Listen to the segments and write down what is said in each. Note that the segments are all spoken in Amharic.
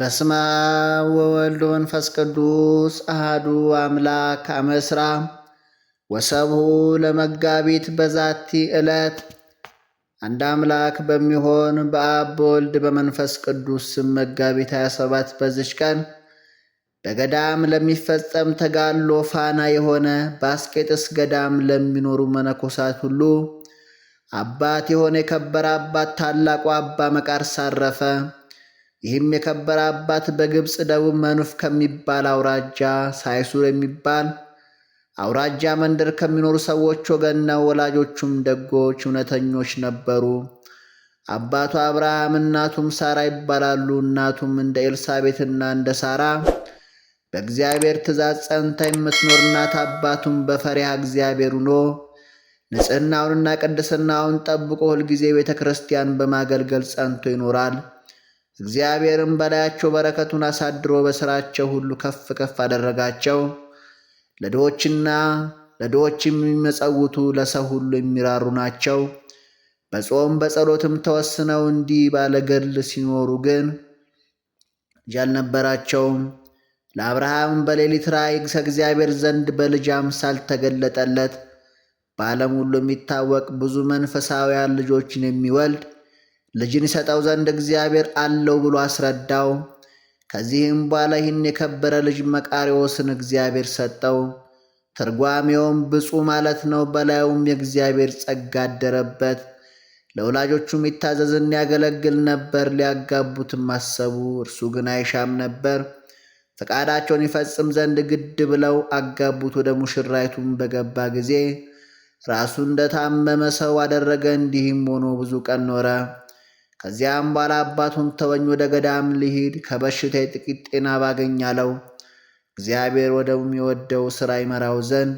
በስመ አብ ወወልድ ወመንፈስ ቅዱስ አህዱ አምላክ አመስራ ወሰብሁ ለመጋቢት በዛቲ ዕለት። አንድ አምላክ በሚሆን በአብ በወልድ በመንፈስ ቅዱስ ስም መጋቢት 27 በዚች ቀን በገዳም ለሚፈጸም ተጋድሎ ፋና የሆነ በአስቄጥስ ገዳም ለሚኖሩ መነኮሳት ሁሉ አባት የሆነ የከበረ አባት ታላቁ አባ መቃርስ አረፈ። ይህም የከበረ አባት በግብፅ ደቡብ መኑፍ ከሚባል አውራጃ ሳይሱር የሚባል አውራጃ መንደር ከሚኖሩ ሰዎች ወገን ነው። ወላጆቹም ደጎች እውነተኞች ነበሩ። አባቱ አብርሃም እናቱም ሳራ ይባላሉ። እናቱም እንደ ኤልሳቤትና እንደ ሳራ በእግዚአብሔር ትእዛዝ ጸንታ የምትኖር እናት አባቱም በፈሪሃ እግዚአብሔር ሁኖ ንጽህናውንና ቅድስናውን ጠብቆ ሁልጊዜ ቤተ ክርስቲያን በማገልገል ጸንቶ ይኖራል። እግዚአብሔርም በላያቸው በረከቱን አሳድሮ በሥራቸው ሁሉ ከፍ ከፍ አደረጋቸው። ለድሆችና ለድሆች የሚመጸውቱ ለሰው ሁሉ የሚራሩ ናቸው። በጾም በጸሎትም ተወስነው እንዲህ ባለገል ሲኖሩ ግን ልጅ አልነበራቸውም። ለአብርሃም በሌሊት ራእይ ከእግዚአብሔር ዘንድ በልጅ አምሳል ተገለጠለት። በዓለም ሁሉ የሚታወቅ ብዙ መንፈሳውያን ልጆችን የሚወልድ ልጅን ይሰጠው ዘንድ እግዚአብሔር አለው ብሎ አስረዳው። ከዚህም በኋላ ይህን የከበረ ልጅ መቃሪዎስን እግዚአብሔር ሰጠው። ትርጓሜውም ብፁ ማለት ነው። በላዩም የእግዚአብሔር ጸጋ አደረበት። ለወላጆቹም ይታዘዝን ያገለግል ነበር። ሊያጋቡትም አሰቡ። እርሱ ግን አይሻም ነበር። ፈቃዳቸውን ይፈጽም ዘንድ ግድ ብለው አጋቡት። ወደ ሙሽራይቱም በገባ ጊዜ ራሱ እንደታመመ ሰው አደረገ። እንዲህም ሆኖ ብዙ ቀን ኖረ። ከዚያም በኋላ አባቱን ተወኝ፣ ወደ ገዳም ሊሄድ ከበሽታ የጥቂት ጤና ባገኝ አለው። እግዚአብሔር ወደሚወደው ሥራ ይመራው ዘንድ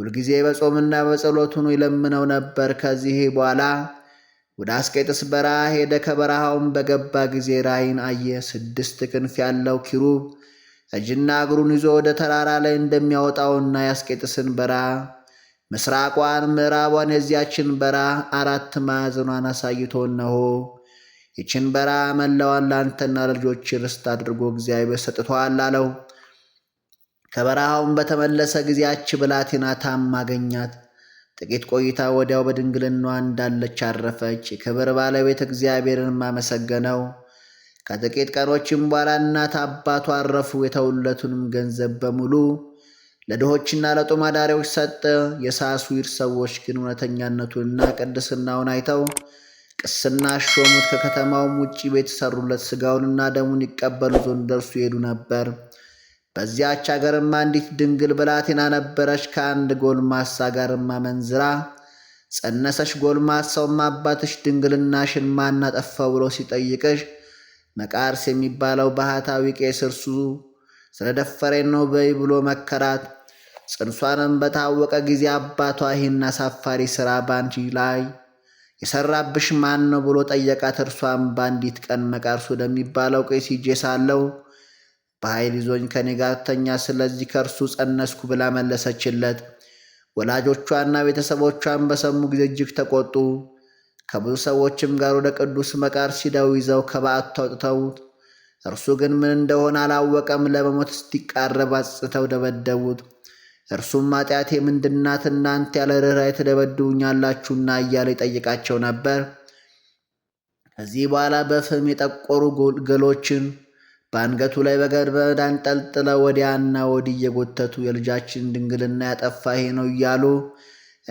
ሁልጊዜ በጾምና በጸሎቱን ይለምነው ነበር። ከዚህ በኋላ ወደ አስቄጥስ በረሃ ሄደ። ከበረሃውም በገባ ጊዜ ራእይን አየ። ስድስት ክንፍ ያለው ኪሩብ እጅና እግሩን ይዞ ወደ ተራራ ላይ እንደሚያወጣውና የአስቄጥስን በረሃ ምስራቋን፣ ምዕራቧን የዚያችን በረሃ አራት ማዕዘኗን አሳይቶ እነሆ ይችን በረሃ መላዋን ለአንተና ለልጆች ርስት አድርጎ እግዚአብሔር ሰጥቶሃል አለው። ከበረሃውን በተመለሰ ጊዜያች ብላቴና ታም አገኛት። ጥቂት ቆይታ ወዲያው በድንግልናዋ እንዳለች አረፈች። የክብር ባለቤት እግዚአብሔርን ማመሰገነው። ከጥቂት ቀኖችም በኋላ እናት አባቱ አረፉ። የተውለቱንም ገንዘብ በሙሉ ለድሆችና ለጦም አዳሪዎች ሰጠ። የሳሱይር ሰዎች ግን እውነተኛነቱንና ቅድስናውን አይተው ቅስና ሾሙት። ከከተማውም ውጭ ቤት ሰሩለት። ስጋውንና ደሙን ይቀበሉ ዘንድ ደርሱ ይሄዱ ነበር። በዚያች አገርም አንዲት ድንግል ብላቴና ነበረች። ከአንድ ጎልማሳ ጋርማ መንዝራ ጸነሰች። ጎልማሳውም አባትሽ ድንግልናሽን ማን አጠፋው ብሎ ሲጠይቅሽ መቃርስ የሚባለው ባህታዊ ቄስ እርሱ ስለደፈረኝ ነው በይ ብሎ መከራት። ጽንሷንም በታወቀ ጊዜ አባቷ ይህን አሳፋሪ ሥራ ባንቺ ላይ የሰራብሽ ማን ነው ብሎ ጠየቃት። እርሷም በአንዲት ቀን መቃርስ ወደሚባለው ቄስ ሄጄ ሳለው በኃይል ይዞኝ ከኔ ጋር ተኛ፣ ስለዚህ ከእርሱ ጸነስኩ ብላ መለሰችለት። ወላጆቿና ቤተሰቦቿን በሰሙ ጊዜ እጅግ ተቆጡ። ከብዙ ሰዎችም ጋር ወደ ቅዱስ መቃርስ ሂደው ይዘው ከበዓቱ አውጥተውት እርሱ ግን ምን እንደሆነ አላወቀም። ለመሞት ስቲቃረብ አጽተው ደበደቡት። እርሱም ኃጢአቴ ምንድናት? እናንተ ያለ ርኅራኄ ትደበድቡኛላችሁና እያለ ይጠይቃቸው ነበር። ከዚህ በኋላ በፍም የጠቆሩ ግሎችን በአንገቱ ላይ በገመድ አንጠልጥለው ወዲያና ወዲህ እየጎተቱ የልጃችን ድንግልና ያጠፋ ይሄ ነው እያሉ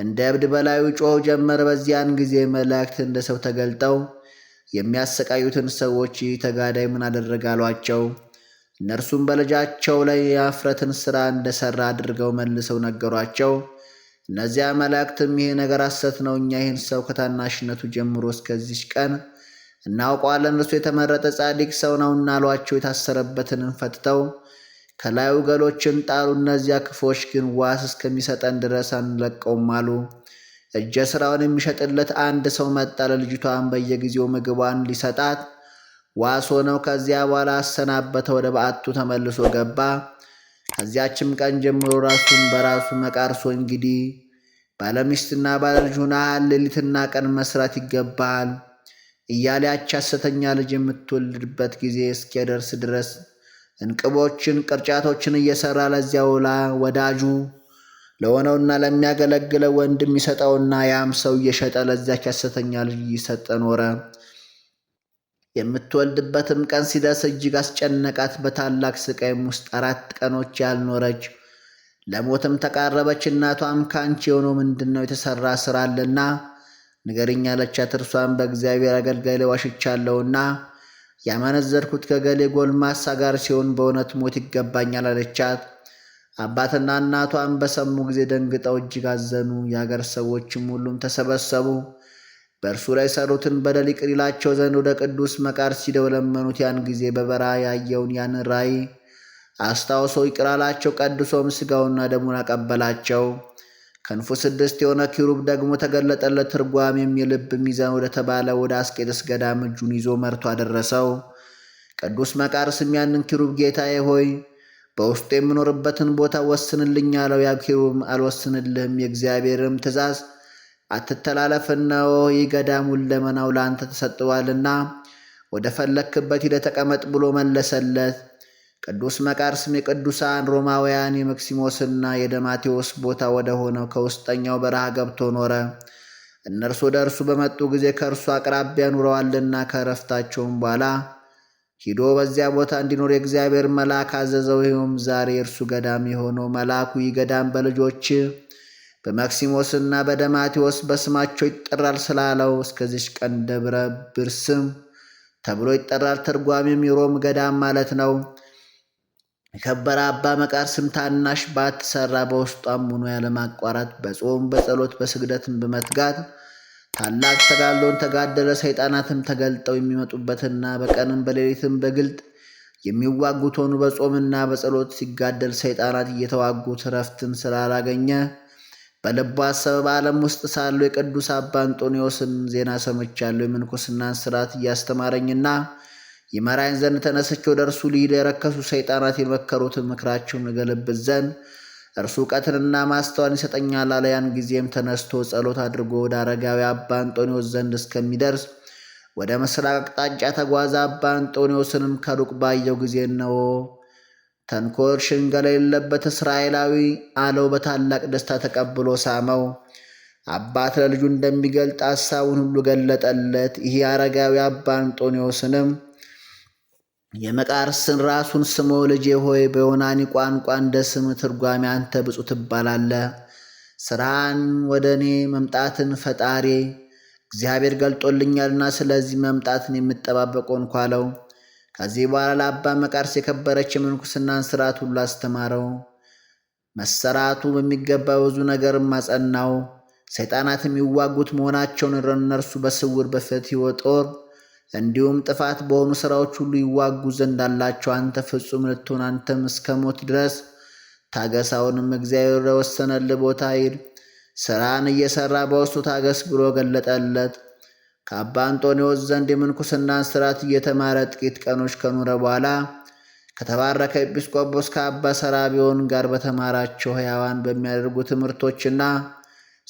እንደ እብድ በላዩ ጮኸው ጀመር። በዚያን ጊዜ መላእክት እንደ ሰው ተገልጠው የሚያሰቃዩትን ሰዎች ይህ ተጋዳይ ምን አሏቸው። እነርሱም በልጃቸው ላይ የአፍረትን ሥራ እንደሠራ አድርገው መልሰው ነገሯቸው። እነዚያ መላእክትም ይህ ነገር አሰት ነው፣ እኛ ይህን ሰው ከታናሽነቱ ጀምሮ እስከዚች ቀን እናውቀዋለን፣ እርሱ የተመረጠ ጻድቅ ሰው ነው እናሏቸው የታሰረበትንም ፈትተው ከላዩ ገሎችን ጣሉ። እነዚያ ክፎች ግን ዋስ እስከሚሰጠን ድረስ አንለቀውም አሉ። እጀ ሥራውን የሚሸጥለት አንድ ሰው መጣ። ለልጅቷን በየጊዜው ምግቧን ሊሰጣት ዋስ ሆነው ከዚያ በኋላ አሰናበተ። ወደ በዓቱ ተመልሶ ገባ። ከዚያችም ቀን ጀምሮ ራሱን በራሱ መቃርሶ እንግዲህ ባለሚስትና ባለልጅ ሆነሃል፣ ሌሊትና ቀን መስራት ይገባሃል እያለ ያች ሐሰተኛ ልጅ የምትወልድበት ጊዜ እስኪደርስ ድረስ እንቅቦችን፣ ቅርጫቶችን እየሰራ ለዚያ ውላ ወዳጁ ለሆነውና ለሚያገለግለው ወንድም ይሰጠውና ያም ሰው እየሸጠ ለዚያች ሐሰተኛ ልጅ ይሰጠ ኖረ። የምትወልድበትም ቀን ሲደርስ እጅግ አስጨነቃት። በታላቅ ስቃይም ውስጥ አራት ቀኖች ያልኖረች ለሞትም ተቃረበች። እናቷም ከአንቺ የሆነው ምንድን ነው? የተሠራ ሥራ አለና ንገሪኝ አለቻት። እርሷም በእግዚአብሔር አገልጋይ ዋሽቻለሁና ያመነዘርኩት ከገሌ ጎልማሳ ጋር ሲሆን በእውነት ሞት ይገባኛል አለቻት። አባትና እናቷም በሰሙ ጊዜ ደንግጠው እጅግ አዘኑ። የአገር ሰዎችም ሁሉም ተሰበሰቡ። በእርሱ ላይ ሰሩትን በደል ይቅር ይላቸው ዘንድ ወደ ቅዱስ መቃር ሲደው ለመኑት። ያን ጊዜ በበራ ያየውን ያን ራእይ አስታውሶ ይቅር አላቸው። ቀድሶም ሥጋውና ደሙን አቀበላቸው። ክንፉ ስድስት የሆነ ኪሩብ ደግሞ ተገለጠለት። ትርጓሜም የልብ ሚዛን ወደ ተባለ ወደ አስቄጥስ ገዳም እጁን ይዞ መርቶ አደረሰው። ቅዱስ መቃርስም ያንን ኪሩብ ጌታዬ ሆይ በውስጡ የምኖርበትን ቦታ ወስንልኝ አለው። ያ ኪሩብም አልወስንልህም፣ የእግዚአብሔርም ትእዛዝ አትተላለፍና ይህ ገዳሙን ለመናው ለአንተ ተሰጥቷልና ወደ ፈለክበት ሂደህ ተቀመጥ ብሎ መለሰለት። ቅዱስ መቃርስም የቅዱሳን ሮማውያን የመክሲሞስና የደማቴዎስ ቦታ ወደ ሆነው ከውስጠኛው በረሃ ገብቶ ኖረ። እነርሱ ወደ እርሱ በመጡ ጊዜ ከእርሱ አቅራቢያ ኑረዋልና ከእረፍታቸውም በኋላ ሂዶ በዚያ ቦታ እንዲኖር የእግዚአብሔር መልአክ አዘዘው። ይኸውም ዛሬ የእርሱ ገዳም የሆነው መልአኩ ይህ ገዳም በልጆች በማክሲሞስና በደማቴዎስ በስማቸው ይጠራል ስላለው እስከዚች ቀን ደብረ ብርስም ተብሎ ይጠራል። ተርጓሚም የሮም ገዳም ማለት ነው። የከበረ አባ መቃርስም ታናሽ ባትሰራ በውስጧም ሙኖ ያለማቋረጥ በጾም በጸሎት በስግደትም በመትጋት ታላቅ ተጋድሎን ተጋደለ። ሰይጣናትም ተገልጠው የሚመጡበትና በቀንም በሌሊትም በግልጥ የሚዋጉት ሆኑ። በጾምና በጸሎት ሲጋደል ሰይጣናት እየተዋጉት እረፍትን ስላላገኘ በልቧ አሰበ። በዓለም ውስጥ ሳለው የቅዱስ አባ አንጦኒዎስን ዜና ሰምቻለሁ። የምንኩስናን ስርዓት እያስተማረኝና ይመራኝ ዘንድ ተነስቼ ወደ እርሱ ልሂድ። የረከሱ ሰይጣናት የመከሩትን ምክራቸውን እገለብት ዘንድ እርሱ እውቀትንና ማስተዋን ይሰጠኛል አለ። ያን ጊዜም ተነስቶ ጸሎት አድርጎ ወደ አረጋዊ አባ አንጦኒዎስ ዘንድ እስከሚደርስ ወደ ምስራቅ አቅጣጫ ተጓዘ። አባ አንጦኒዎስንም ከሩቅ ባየው ጊዜ ነው ተንኮር ሽንገላ የሌለበት እስራኤላዊ አለው። በታላቅ ደስታ ተቀብሎ ሳመው። አባት ለልጁ እንደሚገልጥ ሐሳቡን ሁሉ ገለጠለት። ይህ አረጋዊ አባ አንጦኒዎስንም የመቃርስን ራሱን ስሞ ልጄ ሆይ በዮናኒ ቋንቋ እንደ ስም ትርጓሚ አንተ ብፁ ትባላለ። ስራን ወደ እኔ መምጣትን ፈጣሪ እግዚአብሔር ገልጦልኛልና ስለዚህ መምጣትን የምጠባበቀው እንኳ አለው። ከዚህ በኋላ ለአባ መቃርስ የከበረች የምንኩስናን ስርዓት ሁሉ አስተማረው። መሰራቱ በሚገባ ብዙ ነገርም አጸናው። ሰይጣናት የሚዋጉት መሆናቸውን እነርሱ በስውር በፍትወ ጦር እንዲሁም ጥፋት በሆኑ ስራዎች ሁሉ ይዋጉ ዘንድ አላቸው። አንተ ፍጹም ልትሆን አንተም እስከ ሞት ድረስ ታገሳውንም እግዚአብሔር ለወሰነልህ ቦታ ሂድ። ስራን እየሰራ በውስጡ ታገስ ብሎ ገለጠለት። ከአባ አንጦኒዎስ ዘንድ የምንኩስና ስርዓት እየተማረ ጥቂት ቀኖች ከኖረ በኋላ ከተባረከ ኤጲስቆጶስ ከአባ ሰራቢዮን ጋር በተማራቸው ሕያዋን በሚያደርጉ ትምህርቶችና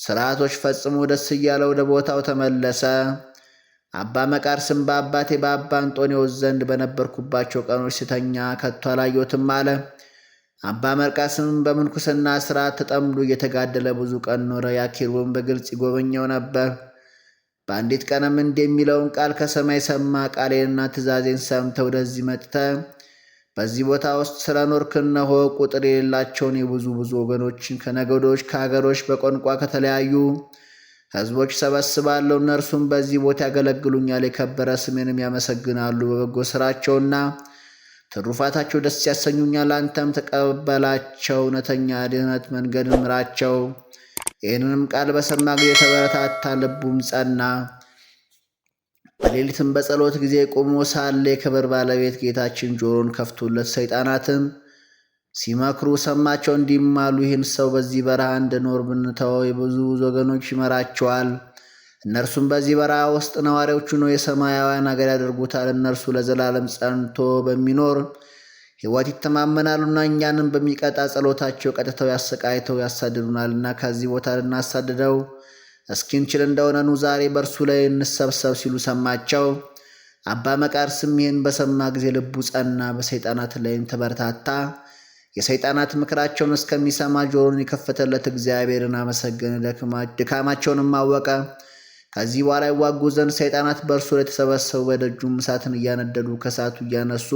ስርዓቶች ፈጽሞ ደስ እያለ ወደ ቦታው ተመለሰ። አባ መቃርስም በአባቴ በአባ አንጦኒዎስ ዘንድ በነበርኩባቸው ቀኖች ሲተኛ ከቶ አላየሁትም አለ። አባ መርቃስም በምንኩስና ስርዓት ተጠምዶ እየተጋደለ ብዙ ቀን ኖረ። ያኪሩብን በግልጽ ይጎበኘው ነበር። በአንዲት ቀንም እንደሚለውን የሚለውን ቃል ከሰማይ ሰማ። ቃሌንና ትእዛዜን ሰምተ ወደዚህ መጥተ በዚህ ቦታ ውስጥ ስለ ኖርክ እነሆ ቁጥር የሌላቸውን የብዙ ብዙ ወገኖችን ከነገዶች ከሀገሮች፣ በቋንቋ ከተለያዩ ህዝቦች ሰበስባለሁ። እነርሱም በዚህ ቦታ ያገለግሉኛል፣ የከበረ ስሜንም ያመሰግናሉ። በበጎ ስራቸውና ትሩፋታቸው ደስ ያሰኙኛል። አንተም ተቀበላቸው፣ እውነተኛ ድህነት መንገድ ምራቸው ይህንንም ቃል በሰማ ጊዜ ተበረታታ፣ ልቡም ጸና። በሌሊትም በጸሎት ጊዜ ቆሞ ሳለ የክብር ባለቤት ጌታችን ጆሮን ከፍቶለት ሰይጣናትም ሲመክሩ ሰማቸው። እንዲማሉ ይህን ሰው በዚህ በረሃ እንድኖር ብንተወው የብዙ ወገኖች ይመራቸዋል። እነርሱም በዚህ በረሃ ውስጥ ነዋሪዎቹ ነው የሰማያውያን ሀገር ያደርጉታል። እነርሱ ለዘላለም ጸንቶ በሚኖር ሕይወት ይተማመናሉና እኛንም በሚቀጣ ጸሎታቸው ቀጥተው ያሰቃይተው ያሳድዱናልና ከዚህ ቦታ ልናሳድደው እስኪንችል እንደሆነኑ ዛሬ በእርሱ ላይ እንሰብሰብ ሲሉ ሰማቸው። አባ መቃርስም ይህን በሰማ ጊዜ ልቡ ጸና፣ በሰይጣናት ላይም ተበረታታ። የሰይጣናት ምክራቸውን እስከሚሰማ ጆሮን የከፈተለት እግዚአብሔርን አመሰገነ፣ ድካማቸውንም አወቀ። ከዚህ በኋላ ይዋጉ ዘንድ ሰይጣናት በእርሱ ላይ ተሰበሰቡ። በደጁም እሳትን እያነደዱ ከእሳቱ እያነሱ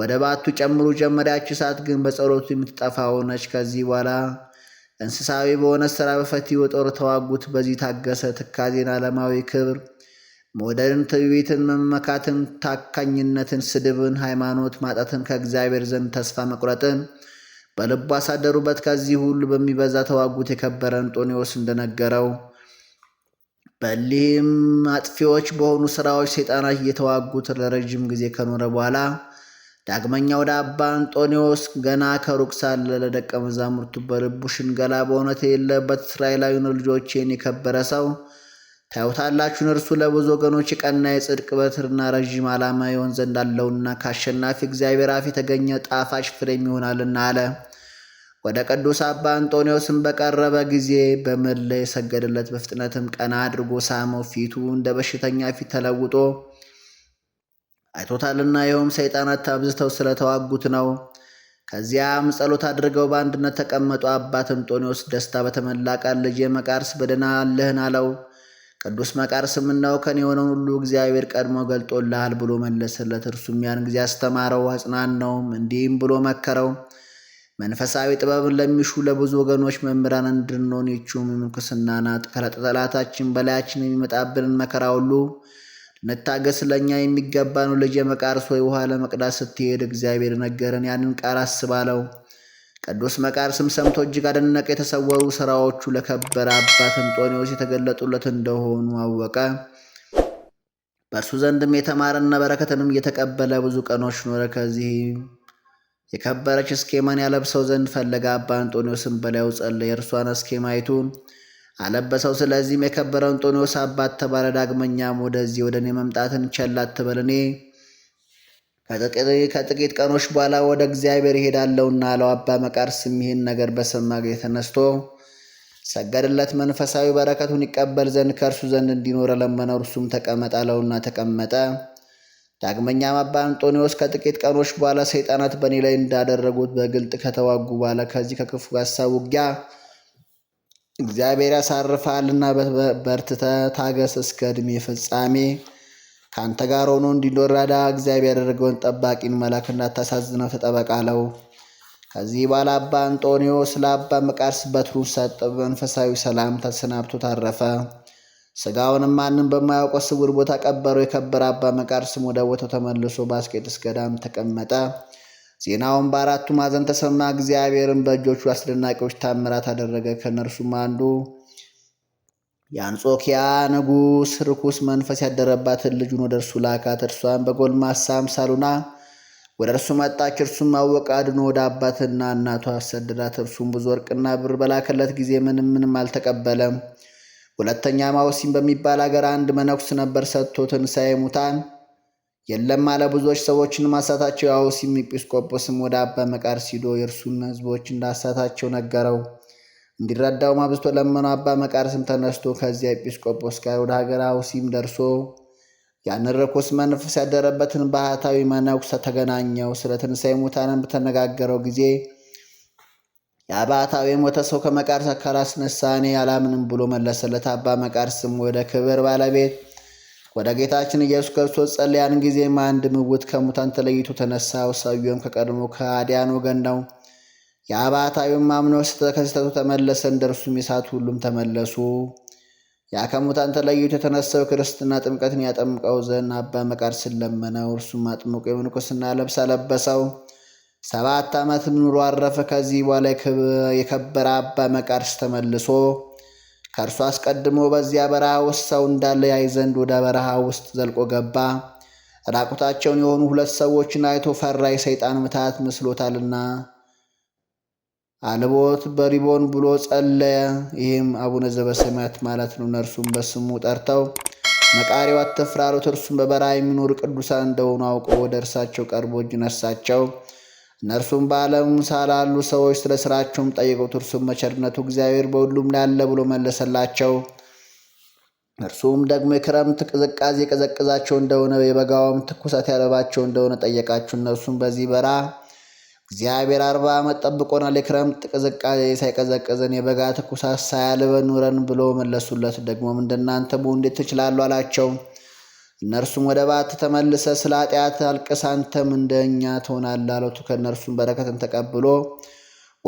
ወደ ባቱ ጨምሩ ጀመሪያች ሰዓት እሳት ግን በጸሎቱ የምትጠፋ ሆነች። ከዚህ በኋላ እንስሳዊ በሆነ ስራ በፈትወ ጦር ተዋጉት። በዚህ ታገሰ። ትካዜን፣ ዓለማዊ ክብር፣ መውደድን፣ ትዕቢትን፣ መመካትን፣ ታካኝነትን፣ ስድብን፣ ሃይማኖት ማጣትን፣ ከእግዚአብሔር ዘንድ ተስፋ መቁረጥን በልቡ አሳደሩበት። ከዚህ ሁሉ በሚበዛ ተዋጉት። የከበረ አንጦኒዎስ እንደነገረው በሊህም አጥፊዎች በሆኑ ስራዎች ሰይጣናት እየተዋጉት ለረጅም ጊዜ ከኖረ በኋላ ዳግመኛ ወደ አባ አንጦኒዎስ ገና ከሩቅ ሳለ ለደቀ መዛሙርቱ በልቡ ሽንገላ በእውነት የሌለበት እስራኤላዊን ልጆቼን የከበረ ሰው ታዩታላችሁን? እርሱ ለብዙ ወገኖች የቀና የጽድቅ በትርና ረዥም ዓላማ ይሆን ዘንድ አለውና ከአሸናፊ እግዚአብሔር አፍ የተገኘ ጣፋጭ ፍሬም ይሆናልና አለ። ወደ ቅዱስ አባ አንጦኒዎስም በቀረበ ጊዜ በምድር ላይ የሰገደለት በፍጥነትም ቀና አድርጎ ሳመው። ፊቱ እንደ በሽተኛ ፊት ተለውጦ አይቶታልና ይኸውም ሰይጣናት ታብዝተው ስለተዋጉት ነው። ከዚያም ጸሎት አድርገው በአንድነት ተቀመጡ። አባት እንጦንዮስ ደስታ በተመላ ቃል ልጄ መቃርስ በደህና አለህን? አለው። ቅዱስ መቃርስ እነሆ ከን የሆነውን ሁሉ እግዚአብሔር ቀድሞ ገልጦልሃል ብሎ መለሰለት። እርሱም ያን ጊዜ አስተማረው፣ ነው። እንዲህም ብሎ መከረው። መንፈሳዊ ጥበብን ለሚሹ ለብዙ ወገኖች መምህራን እንድንሆን ይችውም ምንኩስና ናት። ከጠላታችን በላያችን የሚመጣብንን መከራ ሁሉ መታገስ ለእኛ የሚገባ ነው። ልጄ መቃርስ ወይ ውሃ ለመቅዳት ስትሄድ እግዚአብሔር ነገረን። ያንን ቃል አስባለው። ቅዱስ መቃርስም ሰምቶ እጅግ አደነቀ። የተሰወሩ ስራዎቹ ለከበረ አባት እንጦኒዎስ የተገለጡለት እንደሆኑ አወቀ። በእርሱ ዘንድም የተማረና በረከትንም እየተቀበለ ብዙ ቀኖች ኖረ። ከዚህ የከበረች እስኬማን ያለብሰው ዘንድ ፈለገ። አባ እንጦኒዎስም በላዩ ጸለየ። የእርሷን እስኬማይቱን አለበሰው። ስለዚህም የከበረ እንጦንዮስ አባት ተባለ። ዳግመኛም ወደዚህ ወደ እኔ መምጣትን ቸል አትበል፣ እኔ ከጥቂት ቀኖች በኋላ ወደ እግዚአብሔር እሄዳለሁና አለው። አባ መቃርስም ይህን ነገር በሰማ ጊዜ ተነስቶ ሰገድለት። መንፈሳዊ በረከቱን ይቀበል ዘንድ ከእርሱ ዘንድ እንዲኖረ ለመነው። እርሱም ተቀመጠ አለውና ተቀመጠ። ዳግመኛም አባ አንጦኒዎስ ከጥቂት ቀኖች በኋላ ሰይጣናት በእኔ ላይ እንዳደረጉት በግልጥ ከተዋጉ በኋላ ከዚህ ከክፉ ሀሳብ ውጊያ እግዚአብሔር ያሳርፋልና በርትተ ታገስ እስከ ዕድሜ ፍጻሜ ከአንተ ጋር ሆኖ እንዲኖረዳ እግዚአብሔር ያደረገውን ጠባቂን መልአክ እንዳታሳዝነው ተጠበቃለው። ከዚህ በኋላ አባ አንጦኒዎስ ለአባ መቃርስ በትሩ ሰጥ በመንፈሳዊ ሰላም ተሰናብቶ ታረፈ። ስጋውንም ማንም በማያውቀው ስውር ቦታ ቀበረው። የከበረ አባ መቃርስም ወደ ቦታው ተመልሶ በአስቄጥስ ገዳም ተቀመጠ። ዜናውን በአራቱ ማዕዘን ተሰማ። እግዚአብሔርን በእጆቹ አስደናቂዎች ታምራት አደረገ። ከእነርሱም አንዱ የአንጾኪያ ንጉሥ ርኩስ መንፈስ ያደረባትን ልጁን ወደ እርሱ ላካት። እርሷን በጎልማሳ አምሳሉና ወደ እርሱ መጣች። እርሱም አወቀ፣ አድኖ ወደ አባትና እናቷ አሰደዳት። እርሱም ብዙ ወርቅና ብር በላከለት ጊዜ ምንም ምንም አልተቀበለም። ሁለተኛ ማውሲም በሚባል አገር አንድ መነኩስ ነበር። ሰጥቶ ትንሣኤ ሙታን የለም አለ። ብዙዎች ሰዎችን ማሳታቸው የአውሲም ኤጲስቆጶስም ወደ አባ መቃርስ ሂዶ የእርሱን ህዝቦች እንዳሳታቸው ነገረው። እንዲረዳው አብዝቶ ለመኖ አባ መቃርስም ተነስቶ ከዚያ ኤጲስቆጶስ ጋር ወደ ሀገር አውሲም ደርሶ ያንን ርኩስ መንፈስ ያደረበትን ባህታዊ መነኩሰ ተገናኘው። ስለ ትንሣኤ ሙታንን በተነጋገረው ጊዜ ያ ባህታዊ የሞተ ሰው ከመቃርስ ካላስነሳ እኔ አላምንም ብሎ መለሰለት። አባ መቃርስም ወደ ክብር ባለቤት ወደ ጌታችን ኢየሱስ ክርስቶስ ጸለያን ጊዜም አንድ ምውት ከሙታን ተለይቶ ተነሳ። ሰውየውም ከቀድሞ ከአዲያን ወገን ነው። የአባታዊም አምኖ ከስተቱ ተመለሰ። እንደ እርሱም የሳት ሁሉም ተመለሱ። ያ ከሙታን ተለይቶ የተነሳው ክርስትና ጥምቀትን ያጠምቀው ዘንድ አባ መቃር ስለመነው እርሱም አጥምቆ የምንኩስና ልብስ አለበሰው። ሰባት ዓመት ኑሮ አረፈ። ከዚህ በኋላ የከበረ አባ መቃርስ ተመልሶ ከእርሱ አስቀድሞ በዚያ በረሃ ውስጥ ሰው እንዳለ ያይ ዘንድ ወደ በረሃ ውስጥ ዘልቆ ገባ። ራቁታቸውን የሆኑ ሁለት ሰዎችን አይቶ ፈራ፣ የሰይጣን ምታት መስሎታልና አልቦት በሪቦን ብሎ ጸለየ። ይህም አቡነ ዘበሰማያት ማለት ነው። እነርሱም በስሙ ጠርተው መቃሪው አትፍራ እርሱም በበረሃ የሚኖር ቅዱሳን እንደሆኑ አውቆ ወደ እርሳቸው ቀርቦ እጅ ነሳቸው። እነርሱም በዓለም ሳላሉ ሰዎች ስለ ስራቸውም ጠይቁት፣ እርሱም መቸርነቱ እግዚአብሔር በሁሉም ላለ ብሎ መለሰላቸው። እርሱም ደግሞ የክረምት ቅዝቃዜ የቀዘቅዛቸው እንደሆነ የበጋውም ትኩሳት ያለባቸው እንደሆነ ጠየቃችሁ። እነርሱም በዚህ በራ እግዚአብሔር አርባ ዓመት ጠብቆናል፣ የክረምት ቅዝቃዜ ሳይቀዘቅዘን የበጋ ትኩሳት ሳያልበን ኑረን ብሎ መለሱለት። ደግሞም እንደናንተ መሆን እንዴት ትችላሉ አላቸው። እነርሱም ወደ ባት ተመልሰ ስለ ኃጢአት አልቅስ አንተም እንደ እኛ ትሆናለህ አሉት። ከእነርሱም በረከትን ተቀብሎ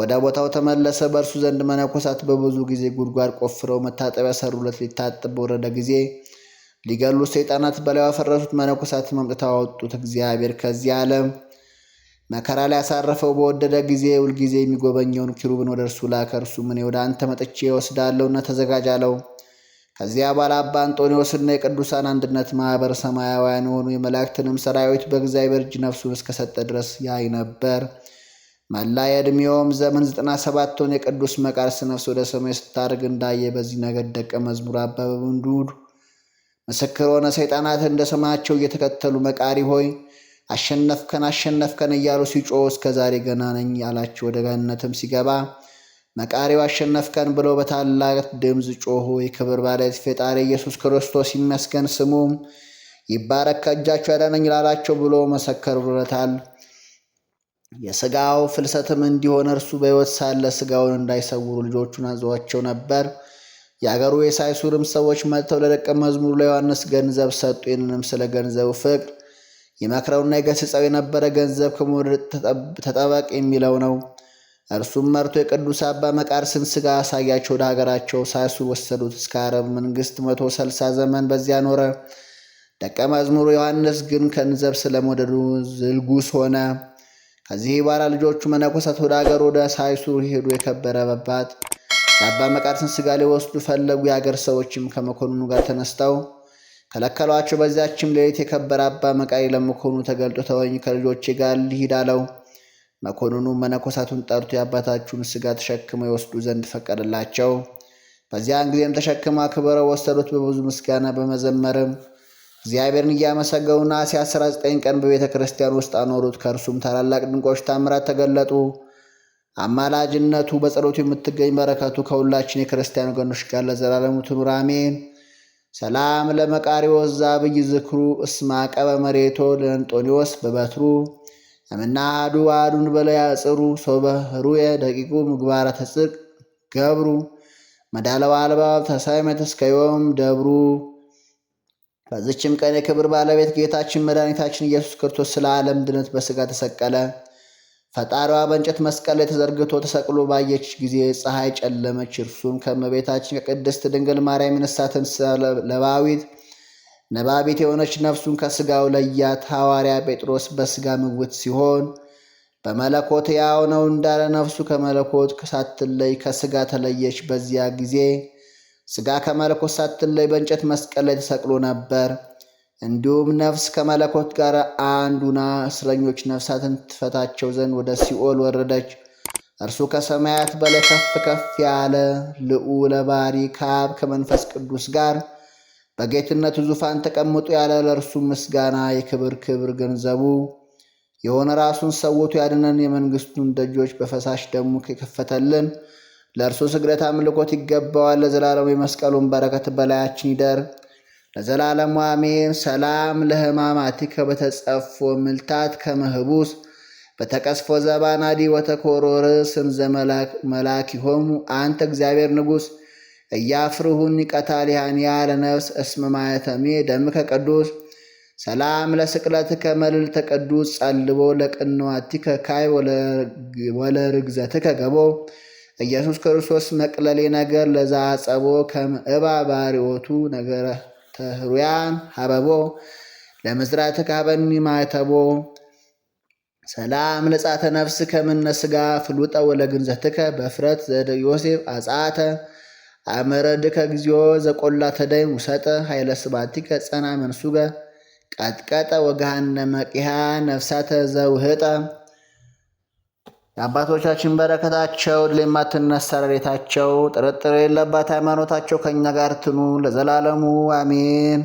ወደ ቦታው ተመለሰ። በእርሱ ዘንድ መነኮሳት በብዙ ጊዜ ጉድጓድ ቆፍረው መታጠቢያ ሰሩለት። ሊታጥብ በወረደ ጊዜ ሊገሉት ሰይጣናት በላዩ አፈረሱት። መነኮሳት መምጥታ አወጡት። እግዚአብሔር ከዚህ ዓለም መከራ ላይ ያሳረፈው በወደደ ጊዜ ሁልጊዜ የሚጎበኘውን ኪሩብን ወደ እርሱ ላከ። እርሱም እኔ ወደ አንተ መጥቼ እወስድሃለሁና ተዘጋጅ አለው። ከዚያ በኋላ አባ አንጦኒዎስና የቅዱሳን አንድነት ማኅበር ሰማያውያን የሆኑ የመላእክትንም ሰራዊት በእግዚአብሔር እጅ ነፍሱን እስከሰጠ ድረስ ያይ ነበር። መላ የዕድሜውም ዘመን ዘጠና ሰባቱን የቅዱስ መቃርስ ነፍስ ወደ ሰማይ ስታርግ እንዳየ በዚህ ነገድ ደቀ መዝሙር አበበ ምንድድ ምስክር ሆነ። ሰይጣናት እንደ ስማቸው እየተከተሉ መቃሪ ሆይ አሸነፍከን አሸነፍከን እያሉ ሲጮ እስከ ዛሬ ገና ነኝ አላቸው። ወደ ገነትም ሲገባ መቃሪው አሸነፍከን ብለው በታላቅ ድምፅ ጮሆ የክብር ባለቤት ፈጣሪ ኢየሱስ ክርስቶስ ይመስገን፣ ስሙም ይባረክ። ከእጃቸው ያዳነኝ ላላቸው ብሎ መሰከሩለታል። የስጋው ፍልሰትም እንዲሆን እርሱ በሕይወት ሳለ ስጋውን እንዳይሰውሩ ልጆቹን አዘዋቸው ነበር። የአገሩ የሳይሱርም ሰዎች መጥተው ለደቀ መዝሙሩ ለዮሐንስ ገንዘብ ሰጡ። ይህንንም ስለ ገንዘቡ ፍቅር የመክረውና የገስጸው የነበረ ገንዘብ ከመውደድ ተጠበቅ የሚለው ነው። እርሱም መርቶ የቅዱስ አባ መቃርስን ሥጋ አሳያቸው። ወደ ሀገራቸው ሳይሱ ወሰዱት። እስከ አረብ መንግሥት መቶ ሰልሳ ዘመን በዚያ ኖረ። ደቀ መዝሙሩ ዮሐንስ ግን ከንዘብ ስለመወደዱ ዝልጉስ ሆነ። ከዚህ በኋላ ልጆቹ መነኮሳት ወደ አገር ወደ ሳይሱ ሄዱ። የከበረ አባት የአባ መቃርስን ሥጋ ሊወስዱ ፈለጉ። የአገር ሰዎችም ከመኮንኑ ጋር ተነስተው ከለከሏቸው። በዚያችም ሌሊት የከበረ አባ መቃሪ ለመኮኑ ተገልጦ ተወኝ፣ ከልጆቼ ጋር ልሂድ አለው። መኮንኑ መነኮሳቱን ጠርቶ የአባታችሁን ሥጋ ተሸክመው ይወስዱ ዘንድ ፈቀደላቸው። በዚያን ጊዜም ተሸክመው ክብረው ወሰዱት። በብዙ ምስጋና በመዘመርም እግዚአብሔርን እያመሰገኑና አስያ 19 ቀን በቤተ ክርስቲያን ውስጥ አኖሩት። ከእርሱም ታላላቅ ድንቆች ታምራት ተገለጡ። አማላጅነቱ በጸሎቱ የምትገኝ በረከቱ ከሁላችን የክርስቲያን ወገኖች ጋር ለዘላለሙ ትኑር አሜን። ሰላም ለመቃሪ ወዛ ብይ ዝክሩ እስማቀ በመሬቶ ለእንጦኒዎስ በበትሩ አመናዱ ዋዱን በላይ አጽሩ ሶበ ሩየ ደቂቁ ምግባረ ተጽቅ ገብሩ መዳለዋ አልባብ ተሳይመ ተስከዮም ደብሩ። በዚችም ቀን የክብር ባለቤት ጌታችን መድኃኒታችን ኢየሱስ ክርስቶስ ስለ ዓለም ድነት በስጋ ተሰቀለ። ፈጣሪዋ በእንጨት መስቀል ላይ ተዘርግቶ ተሰቅሎ ባየች ጊዜ ፀሐይ ጨለመች። እርሱም ከእመቤታችን ከቅድስት ድንግል ማርያም የነሳትን ለባዊት ነባቢት የሆነች ነፍሱን ከሥጋው ለያት። ሐዋርያ ጴጥሮስ በሥጋ ምውት ሲሆን በመለኮት ያው ነው እንዳለ ነፍሱ ከመለኮት ሳትለይ ከሥጋ ተለየች። በዚያ ጊዜ ሥጋ ከመለኮት ሳትለይ በእንጨት መስቀል ላይ ተሰቅሎ ነበር። እንዲሁም ነፍስ ከመለኮት ጋር አንዱና እስረኞች ነፍሳትን ትፈታቸው ዘንድ ወደ ሲኦል ወረደች። እርሱ ከሰማያት በላይ ከፍ ከፍ ያለ ልዑለ ባህሪ ከአብ ከመንፈስ ቅዱስ ጋር በጌትነቱ ዙፋን ተቀምጦ ያለ ለእርሱ ምስጋና የክብር ክብር ገንዘቡ የሆነ ራሱን ሰውቱ ያድነን የመንግስቱን ደጆች በፈሳሽ ደሙ የከፈተልን ለእርሱ ስግደት አምልኮት ይገባዋል። ለዘላለሙ የመስቀሉን በረከት በላያችን ይደር ለዘላለሙ አሜን። ሰላም ለሕማማቲከ በተጸፎ ምልታት ከመህቡስ በተቀስፎ ዘባናዲ ወተኮሮር ዘመላክ መላክ ይሆሙ አንተ እግዚአብሔር ንጉሥ እያፍርሁን ቀታሊያን ያለ ነፍስ እስመ ማየተሜ ደምከ ቅዱስ ሰላም ለስቅለት ከመልል ተቀዱስ ጸልቦ ለቅንዋቲከ ካይ ወለርግዘትከ ገቦ ኢየሱስ ክርስቶስ መቅለሌ ነገር ለዛጸቦ እባ ባሪዎቱ ነገረ ተህሩያን ሀበቦ ለምዝራተ ካበኒ ማይተቦ ሰላም ለጻተ ነፍስ ከምነ ስጋ ፍሉጠ ወለግንዘትከ በፍረት ዘደ ዮሴፍ አጻተ አመረድ እግዚኦ ዘቆላ ተዳይ ውሰጠ ኃይለ ስባቲከ ጸና መንሱገ ቀጥቀጠ ወገሃነ መቂሃ ነፍሳተ ዘውህጠ። የአባቶቻችን በረከታቸው የማትነሳ ረድኤታቸው ጥርጥር የለባት ሃይማኖታቸው ከእኛ ጋር ትኑ ለዘላለሙ አሜን።